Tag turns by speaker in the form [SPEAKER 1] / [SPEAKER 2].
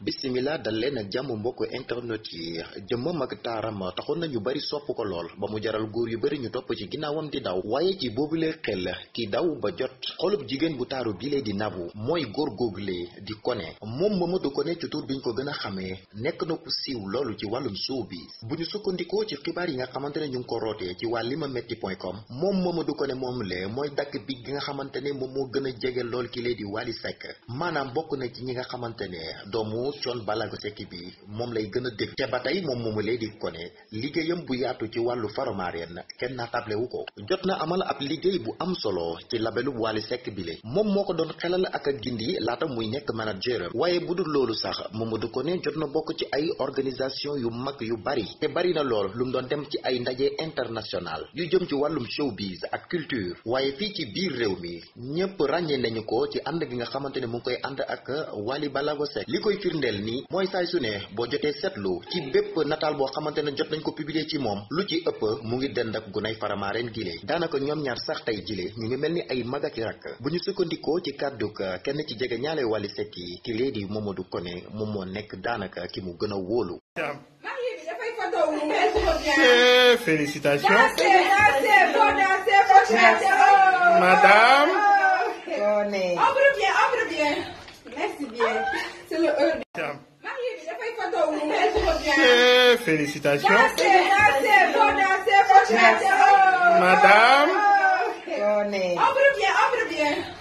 [SPEAKER 1] bisimila dal leen ak jàmm mbokk internet yi jëmmam ak taaram taxoon nañu bari sopp ko lool ba mu jaral góor yu bari ñu topp ci ginnaawam di daw waaye ci boobulee xel ki daw ba jot xolub jigéen bu taaru bilee di nabu mooy góor góor góogulee di Koné moom ko ne ci tur biñ ko gën a xamee nekk na ku siiw loolu ci wàllum bi bu ñu sukkandikoo ci xibaar yi nga xamante ne ñu ngi ko rootee ci waa limametti.com moom Mamadou Koné moom lee mooy dakk bi gi nga xamante ne moom moo gën a jege lool ki lee di Wally Seck maanaam bokk na ci ñi nga xamante ne doomu doomu Thione Ballago Seck bi moom lay gën a dégg te ba tey moom moomu lay di kone liggéeyam bu yaatu ci wàllu faramaren kenn wu ko jot na amal ab liggéey bu am solo ci labelu Wally Seck bi moom moo ko doon xelal ak a gindi laata muy nekk manager waaye bu du loolu sax Mamadou Koné jot na bokk ci ay organisation yu mag yu bari te bari na lool lu doon dem ci ay ndaje international yu jëm ci wàllum showbiz ak culture waaye fii ci biir réew mi ñëpp ràññee nañu ko ci ànd gi nga xamante ne mu ngi koy ànd ak Wally Ballago Seck li koy firnde firndeel nii mooy saay su ne boo jotee seetlu ci bépp nataal boo xamante ne jot nañ ko publier ci moom lu ci ëpp mu ngi dend ak gunay faramaareen gilee daanaka ñoom ñaar sax tey jile ñu ngi mel ni ay mag ak rakk bu ñu sukkandikoo ci kàdduk kenn ci jege ñaale Wally Seck yi ki léegi Mamadou Koné moom moo nekk daanaka ki mu gën a wóolu eh,
[SPEAKER 2] félicitations. Madame.
[SPEAKER 3] On revient, on